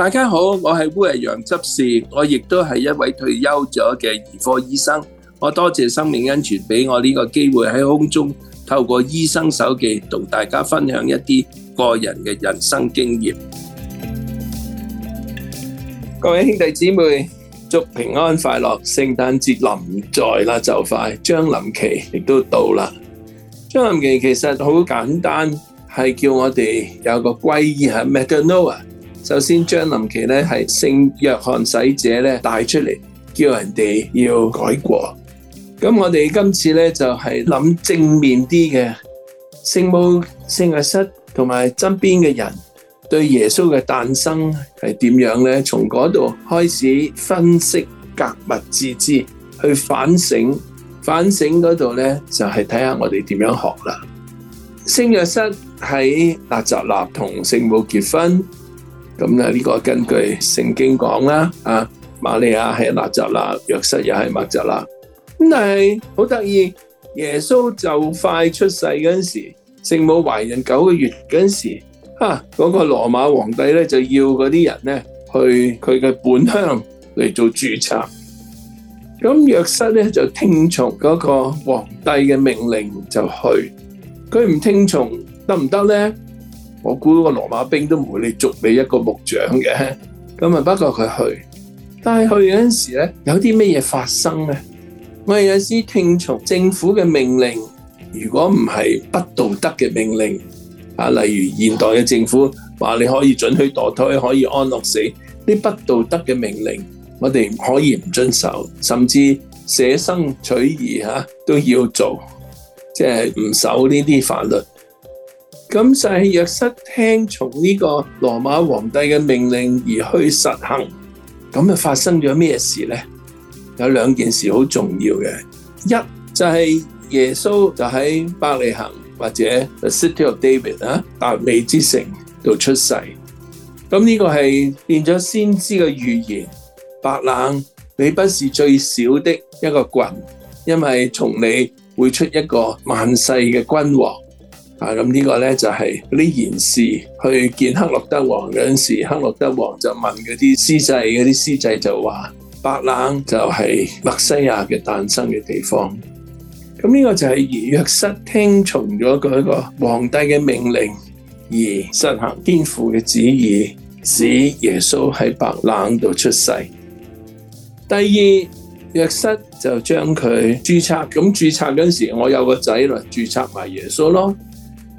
大家好，我係烏羊執事，我亦都係一位退休咗嘅兒科醫生。我多謝生命恩泉俾我呢個機會喺空中透過醫生手記同大家分享一啲個人嘅人生經驗。各位兄弟姊妹，祝平安快樂，聖誕節臨在啦，就快將臨期亦都到啦。將臨期其實好簡單，係叫我哋有個歸依係 metanoia。首先將林奇咧，係聖若翰使者咧帶出嚟，叫人哋要改過。咁我哋今次咧就係、是、諗正面啲嘅，聖母聖若瑟，同埋身邊嘅人對耶穌嘅誕生係點樣咧？從嗰度開始分析格物致知，去反省，反省嗰度咧就係睇下我哋點樣學啦。聖若瑟喺納匝肋同聖母結婚。咁呢個根據聖經講啦，啊，瑪利亞係納匝肋啦，約瑟又係納匝肋啦。咁但係好得意，耶穌就快出世嗰時候，聖母懷孕九個月嗰時候，啊，嗰、嗰個羅馬皇帝咧就要嗰啲人咧去佢嘅本鄉嚟做註冊。咁約瑟咧就聽從嗰個皇帝嘅命令就去，佢唔聽從得唔得咧？行不行呢我估個羅馬兵都唔會嚟捉你一個木匠嘅，咁啊不過佢去，但係去嗰陣時咧，有啲咩嘢發生咧？我哋有時聽從政府嘅命令，如果唔係不道德嘅命令啊，例如現代嘅政府話你可以准許墮胎，可以安樂死，啲不道德嘅命令，我哋可以唔遵守，甚至捨生取義、啊、都要做，即係唔守呢啲法律。咁就係若瑟聽從呢個羅馬皇帝嘅命令而去實行，咁就發生咗咩事咧？有兩件事好重要嘅，一就係、是、耶穌就喺伯利恒，或者、The、City of David 啊，達味之城度出世。咁呢個係變咗先知嘅預言。白冷，你不是最小的一個郡，因為從你會出一個萬世嘅君王。啊！咁呢個咧就係呢件事，賢士去見黑落德王嗰陣時，黑落德王就問嗰啲司祭。嗰啲司祭就話白冷就係墨西亞嘅誕生嘅地方。咁呢個就係而若瑟聽從咗佢個皇帝嘅命令而實行天父嘅旨意，使耶穌喺白冷度出世。第二，若瑟就將佢註冊，咁註冊嗰陣時，我有個仔嚟註冊埋耶穌咯。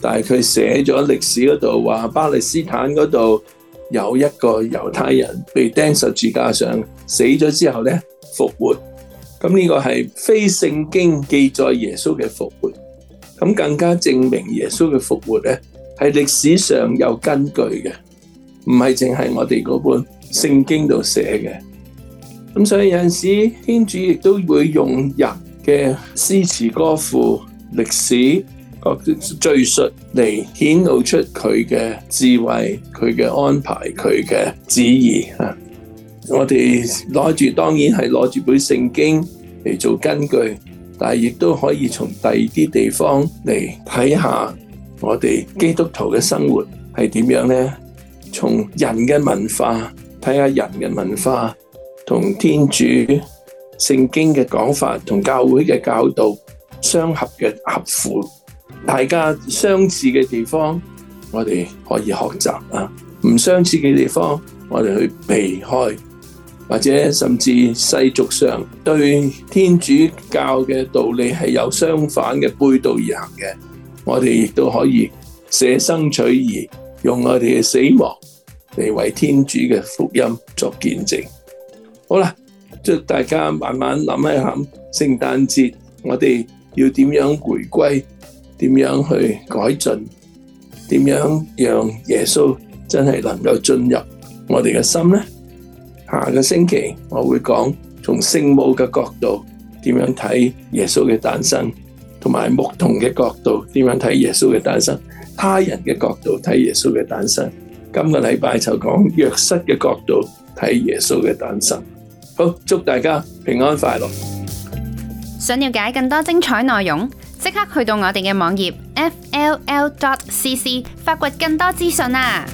但係佢寫咗歷史嗰度話巴勒斯坦嗰度有一個猶太人被釘十字架上，死咗之後咧復活。咁呢個係非聖經記載耶穌嘅復活。咁更加證明耶穌嘅復活咧係歷史上有根據嘅，唔係淨係我哋嗰本聖經度寫嘅。咁所以有陣時天主亦都會用人嘅詩詞歌賦歷史。個敘述嚟顯露出佢嘅智慧、佢嘅安排、佢嘅旨意啊！我哋攞住當然係攞住本聖經嚟做根據，但係亦都可以從第二啲地方嚟睇下我哋基督徒嘅生活係點樣呢？從人嘅文化睇下人嘅文化同天主聖經嘅講法同教會嘅教導相合嘅合符。大家相似嘅地方，我哋可以學習啊；唔相似嘅地方，我哋去避開，或者甚至世俗上對天主教嘅道理係有相反嘅背道而行嘅，我哋亦都可以捨生取義，用我哋嘅死亡嚟為天主嘅福音作見證。好啦，祝大家慢慢諗一諗，聖誕節我哋要點樣回歸。點樣去改進？點樣讓耶穌真係能夠進入我哋嘅心呢？下個星期我會講從聖母嘅角度點樣睇耶穌嘅誕生，同埋牧童嘅角度點樣睇耶穌嘅誕生，他人嘅角度睇耶穌嘅誕生。今個禮拜就講若瑟嘅角度睇耶穌嘅誕生。好，祝大家平安快樂。想了解更多精彩內容，即刻去到我哋嘅網頁 fll.cc，發掘更多資訊啊！